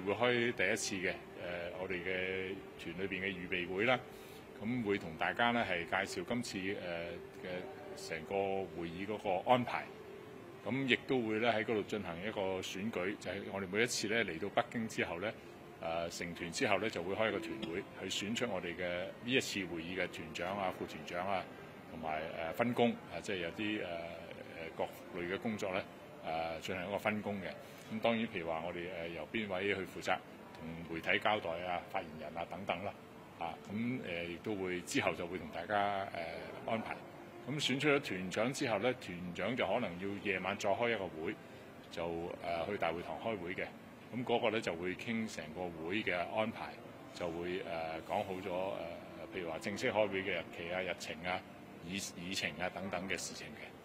會開第一次嘅，誒、呃，我哋嘅團裏邊嘅預備會啦，咁會同大家呢係介紹今次誒嘅成個會議嗰個安排，咁亦都會咧喺嗰度進行一個選舉，就係、是、我哋每一次咧嚟到北京之後咧，誒、呃、成團之後咧就會開一個團會，去選出我哋嘅呢一次會議嘅團長啊、副團長啊，同埋誒分工啊，即係有啲誒、呃、各類嘅工作咧。誒、啊、進行一個分工嘅，咁當然譬如話我哋誒、呃、由邊位去負責同媒體交代啊、發言人啊等等啦、啊，啊咁誒亦都會之後就會同大家誒、呃、安排。咁選出咗團長之後咧，團長就可能要夜晚再開一個會，就誒、呃、去大會堂開會嘅。咁嗰個咧就會傾成個會嘅安排，就會誒、呃、講好咗誒、呃，譬如話正式開會嘅日期啊、日程啊、議議程啊等等嘅事情嘅。